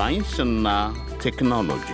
ሳይንስና ቴክኖሎጂ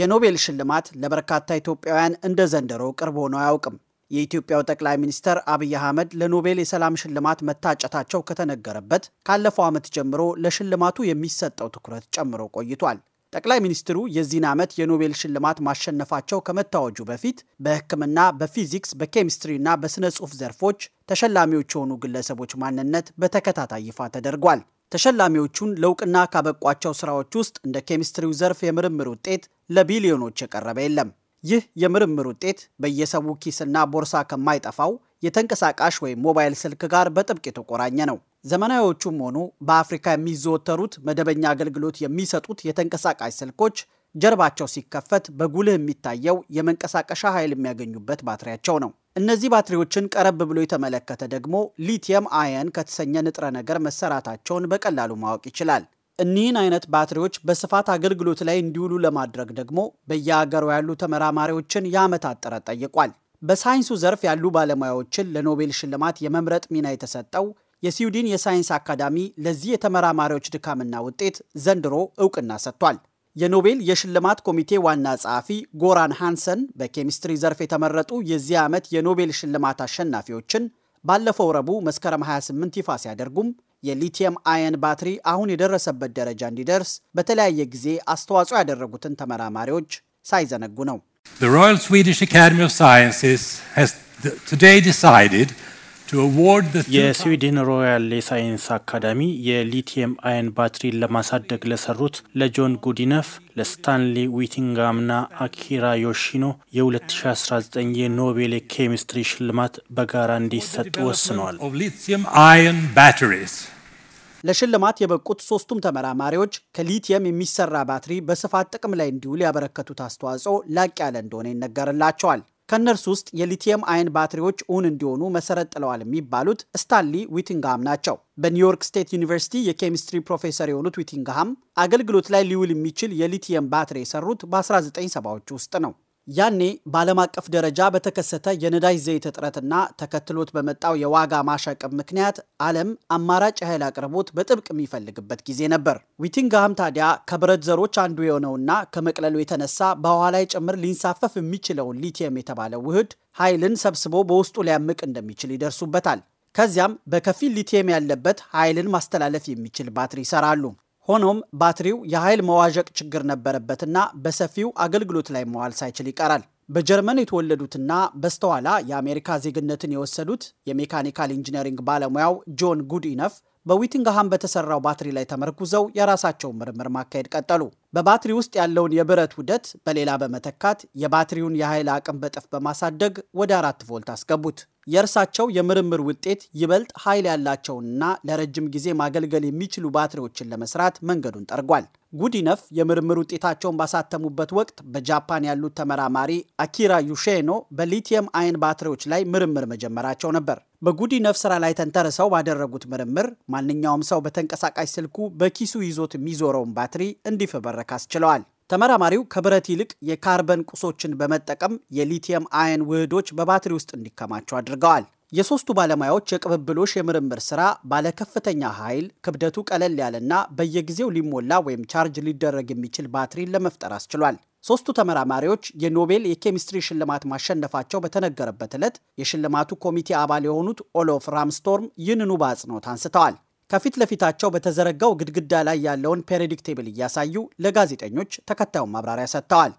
የኖቤል ሽልማት ለበርካታ ኢትዮጵያውያን እንደ ዘንድሮ ቅርብ ሆኖ አያውቅም። የኢትዮጵያው ጠቅላይ ሚኒስትር አብይ አህመድ ለኖቤል የሰላም ሽልማት መታጨታቸው ከተነገረበት ካለፈው ዓመት ጀምሮ ለሽልማቱ የሚሰጠው ትኩረት ጨምሮ ቆይቷል። ጠቅላይ ሚኒስትሩ የዚህን ዓመት የኖቤል ሽልማት ማሸነፋቸው ከመታወጁ በፊት በሕክምና፣ በፊዚክስ፣ በኬሚስትሪ እና በሥነ ጽሑፍ ዘርፎች ተሸላሚዎች የሆኑ ግለሰቦች ማንነት በተከታታይ ይፋ ተደርጓል። ተሸላሚዎቹን ለእውቅና ካበቋቸው ሥራዎች ውስጥ እንደ ኬሚስትሪው ዘርፍ የምርምር ውጤት ለቢሊዮኖች የቀረበ የለም። ይህ የምርምር ውጤት በየሰው ኪስና ቦርሳ ከማይጠፋው የተንቀሳቃሽ ወይም ሞባይል ስልክ ጋር በጥብቅ የተቆራኘ ነው። ዘመናዊዎቹም ሆኑ በአፍሪካ የሚዘወተሩት መደበኛ አገልግሎት የሚሰጡት የተንቀሳቃሽ ስልኮች ጀርባቸው ሲከፈት በጉልህ የሚታየው የመንቀሳቀሻ ኃይል የሚያገኙበት ባትሪያቸው ነው። እነዚህ ባትሪዎችን ቀረብ ብሎ የተመለከተ ደግሞ ሊቲየም አየን ከተሰኘ ንጥረ ነገር መሰራታቸውን በቀላሉ ማወቅ ይችላል። እኒህን አይነት ባትሪዎች በስፋት አገልግሎት ላይ እንዲውሉ ለማድረግ ደግሞ በየአገሩ ያሉ ተመራማሪዎችን የዓመታት ጥረት ጠይቋል። በሳይንሱ ዘርፍ ያሉ ባለሙያዎችን ለኖቤል ሽልማት የመምረጥ ሚና የተሰጠው የስዊድን የሳይንስ አካዳሚ ለዚህ የተመራማሪዎች ድካምና ውጤት ዘንድሮ እውቅና ሰጥቷል። የኖቤል የሽልማት ኮሚቴ ዋና ጸሐፊ ጎራን ሃንሰን በኬሚስትሪ ዘርፍ የተመረጡ የዚህ ዓመት የኖቤል ሽልማት አሸናፊዎችን ባለፈው ረቡዕ መስከረም 28 ይፋ ሲያደርጉም የሊቲየም አየን ባትሪ አሁን የደረሰበት ደረጃ እንዲደርስ በተለያየ ጊዜ አስተዋጽኦ ያደረጉትን ተመራማሪዎች ሳይዘነጉ ነው። The Royal Swedish Academy of Sciences has today decided የስዊድን ሮያል የሳይንስ አካዳሚ የሊቲየም አየን ባትሪን ለማሳደግ ለሰሩት ለጆን ጉዲነፍ፣ ለስታንሊ ዊቲንጋምና አኪራ ዮሺኖ የ2019 የኖቤል የኬሚስትሪ ሽልማት በጋራ እንዲሰጥ ወስኗል። ለሽልማት የበቁት ሶስቱም ተመራማሪዎች ከሊቲየም የሚሰራ ባትሪ በስፋት ጥቅም ላይ እንዲውል ያበረከቱት አስተዋጽኦ ላቅ ያለ እንደሆነ ይነገርላቸዋል። ከእነርሱ ውስጥ የሊቲየም አይን ባትሪዎች እውን እንዲሆኑ መሰረት ጥለዋል የሚባሉት ስታንሊ ዊቲንግሃም ናቸው። በኒውዮርክ ስቴት ዩኒቨርሲቲ የኬሚስትሪ ፕሮፌሰር የሆኑት ዊቲንግሃም አገልግሎት ላይ ሊውል የሚችል የሊቲየም ባትሪ የሰሩት በ1970ዎቹ ውስጥ ነው። ያኔ በዓለም አቀፍ ደረጃ በተከሰተ የነዳጅ ዘይት እጥረትና ተከትሎት በመጣው የዋጋ ማሻቀብ ምክንያት ዓለም አማራጭ የኃይል አቅርቦት በጥብቅ የሚፈልግበት ጊዜ ነበር። ዊቲንግሃም ታዲያ ከብረት ዘሮች አንዱ የሆነውና ከመቅለሉ የተነሳ በውሃ ላይ ጭምር ሊንሳፈፍ የሚችለውን ሊቲየም የተባለ ውህድ ኃይልን ሰብስቦ በውስጡ ሊያምቅ እንደሚችል ይደርሱበታል። ከዚያም በከፊል ሊቲየም ያለበት ኃይልን ማስተላለፍ የሚችል ባትሪ ይሰራሉ። ሆኖም ባትሪው የኃይል መዋዠቅ ችግር ነበረበትና በሰፊው አገልግሎት ላይ መዋል ሳይችል ይቀራል። በጀርመን የተወለዱትና በስተኋላ የአሜሪካ ዜግነትን የወሰዱት የሜካኒካል ኢንጂነሪንግ ባለሙያው ጆን ጉድኢነፍ በዊቲንግሃም በተሰራው ባትሪ ላይ ተመርኩዘው የራሳቸውን ምርምር ማካሄድ ቀጠሉ። በባትሪ ውስጥ ያለውን የብረት ውደት በሌላ በመተካት የባትሪውን የኃይል አቅም በጥፍ በማሳደግ ወደ አራት ቮልት አስገቡት። የእርሳቸው የምርምር ውጤት ይበልጥ ኃይል ያላቸውንና ለረጅም ጊዜ ማገልገል የሚችሉ ባትሪዎችን ለመስራት መንገዱን ጠርጓል። ጉዲነፍ የምርምር ውጤታቸውን ባሳተሙበት ወቅት በጃፓን ያሉት ተመራማሪ አኪራ ዩሼኖ በሊቲየም አይን ባትሪዎች ላይ ምርምር መጀመራቸው ነበር። በጉዲነፍ ስራ ላይ ተንተርሰው ባደረጉት ምርምር ማንኛውም ሰው በተንቀሳቃሽ ስልኩ በኪሱ ይዞት የሚዞረውን ባትሪ እንዲፈበረክ አስችለዋል። ተመራማሪው ከብረት ይልቅ የካርበን ቁሶችን በመጠቀም የሊቲየም አየን ውህዶች በባትሪ ውስጥ እንዲከማቸው አድርገዋል። የሶስቱ ባለሙያዎች የቅብብሎሽ የምርምር ሥራ ባለከፍተኛ ኃይል ክብደቱ ቀለል ያለና በየጊዜው ሊሞላ ወይም ቻርጅ ሊደረግ የሚችል ባትሪን ለመፍጠር አስችሏል። ሶስቱ ተመራማሪዎች የኖቤል የኬሚስትሪ ሽልማት ማሸነፋቸው በተነገረበት ዕለት የሽልማቱ ኮሚቴ አባል የሆኑት ኦሎፍ ራምስቶርም ይህንኑ በአጽንኦት አንስተዋል። ከፊት ለፊታቸው በተዘረጋው ግድግዳ ላይ ያለውን ፔሬዲክቴብል ቴብል እያሳዩ ለጋዜጠኞች ተከታዩን ማብራሪያ ሰጥተዋል።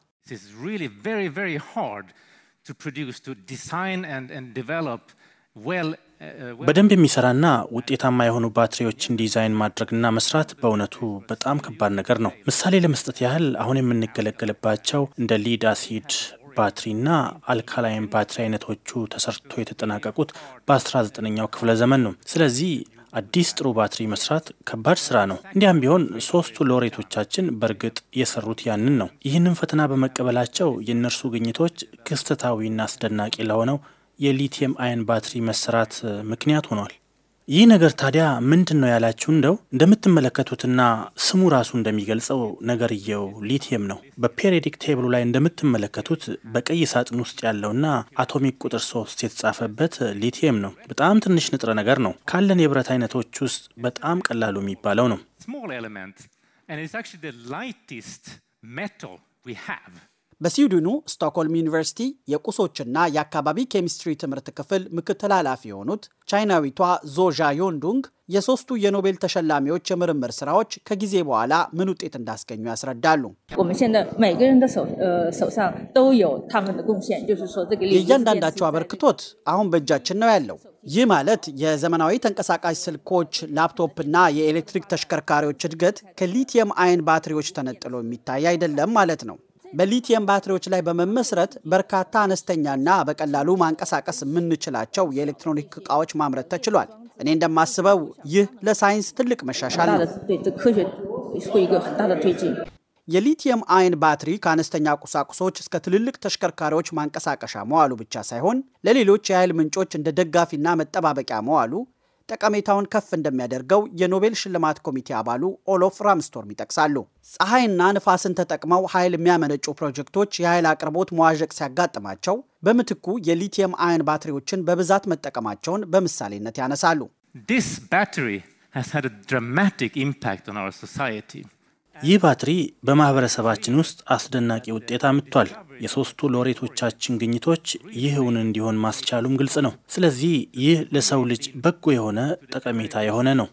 በደንብ የሚሰራና ውጤታማ የሆኑ ባትሪዎችን ዲዛይን ማድረግና መስራት በእውነቱ በጣም ከባድ ነገር ነው። ምሳሌ ለመስጠት ያህል አሁን የምንገለገልባቸው እንደ ሊድ አሲድ ባትሪና አልካላይን ባትሪ አይነቶቹ ተሰርቶ የተጠናቀቁት በ19ኛው ክፍለ ዘመን ነው። ስለዚህ አዲስ ጥሩ ባትሪ መስራት ከባድ ስራ ነው። እንዲያም ቢሆን ሶስቱ ሎሬቶቻችን በእርግጥ የሰሩት ያንን ነው። ይህንን ፈተና በመቀበላቸው የእነርሱ ግኝቶች ክስተታዊና አስደናቂ ለሆነው የሊቲየም አየን ባትሪ መሰራት ምክንያት ሆኗል። ይህ ነገር ታዲያ ምንድን ነው ያላችሁ፣ እንደው እንደምትመለከቱትና ስሙ ራሱ እንደሚገልጸው ነገርየው ሊቲየም ነው። በፔሪዮዲክ ቴብሉ ላይ እንደምትመለከቱት በቀይ ሳጥን ውስጥ ያለውና አቶሚክ ቁጥር ሶስት የተጻፈበት ሊቲየም ነው። በጣም ትንሽ ንጥረ ነገር ነው። ካለን የብረት አይነቶች ውስጥ በጣም ቀላሉ የሚባለው ነው። በስዊድኑ ስቶክሆልም ዩኒቨርሲቲ የቁሶችና የአካባቢ ኬሚስትሪ ትምህርት ክፍል ምክትል ኃላፊ የሆኑት ቻይናዊቷ ዞዣ ዮንዱንግ የሶስቱ የኖቤል ተሸላሚዎች የምርምር ስራዎች ከጊዜ በኋላ ምን ውጤት እንዳስገኙ ያስረዳሉ። የእያንዳንዳቸው አበርክቶት አሁን በእጃችን ነው ያለው። ይህ ማለት የዘመናዊ ተንቀሳቃሽ ስልኮች፣ ላፕቶፕ እና የኤሌክትሪክ ተሽከርካሪዎች እድገት ከሊቲየም አይን ባትሪዎች ተነጥሎ የሚታይ አይደለም ማለት ነው። በሊቲየም ባትሪዎች ላይ በመመስረት በርካታ አነስተኛና በቀላሉ ማንቀሳቀስ የምንችላቸው የኤሌክትሮኒክ እቃዎች ማምረት ተችሏል። እኔ እንደማስበው ይህ ለሳይንስ ትልቅ መሻሻል ነው። የሊቲየም አይን ባትሪ ከአነስተኛ ቁሳቁሶች እስከ ትልልቅ ተሽከርካሪዎች ማንቀሳቀሻ መዋሉ ብቻ ሳይሆን ለሌሎች የኃይል ምንጮች እንደ ደጋፊና መጠባበቂያ መዋሉ ጠቀሜታውን ከፍ እንደሚያደርገው የኖቤል ሽልማት ኮሚቴ አባሉ ኦሎፍ ራምስቶርም ይጠቅሳሉ። ፀሐይና ንፋስን ተጠቅመው ኃይል የሚያመነጩ ፕሮጀክቶች የኃይል አቅርቦት መዋዠቅ ሲያጋጥማቸው በምትኩ የሊቲየም አየን ባትሪዎችን በብዛት መጠቀማቸውን በምሳሌነት ያነሳሉ። ይህ ባትሪ በማህበረሰባችን ውስጥ አስደናቂ ውጤት አምጥቷል። የሶስቱ ሎሬቶቻችን ግኝቶች ይህ እውን እንዲሆን ማስቻሉም ግልጽ ነው። ስለዚህ ይህ ለሰው ልጅ በጎ የሆነ ጠቀሜታ የሆነ ነው።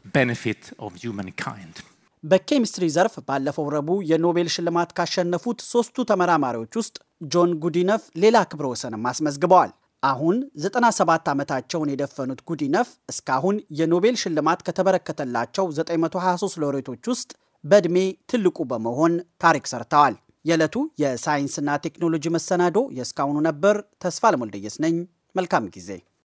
በኬሚስትሪ ዘርፍ ባለፈው ረቡዕ የኖቤል ሽልማት ካሸነፉት ሶስቱ ተመራማሪዎች ውስጥ ጆን ጉዲነፍ ሌላ ክብረ ወሰንም አስመዝግበዋል። አሁን 97 ዓመታቸውን የደፈኑት ጉዲነፍ እስካሁን የኖቤል ሽልማት ከተበረከተላቸው 923 ሎሬቶች ውስጥ በዕድሜ ትልቁ በመሆን ታሪክ ሰርተዋል። የዕለቱ የሳይንስና ቴክኖሎጂ መሰናዶ የእስካሁኑ ነበር። ተስፋ ለሞልደየስ ነኝ። መልካም ጊዜ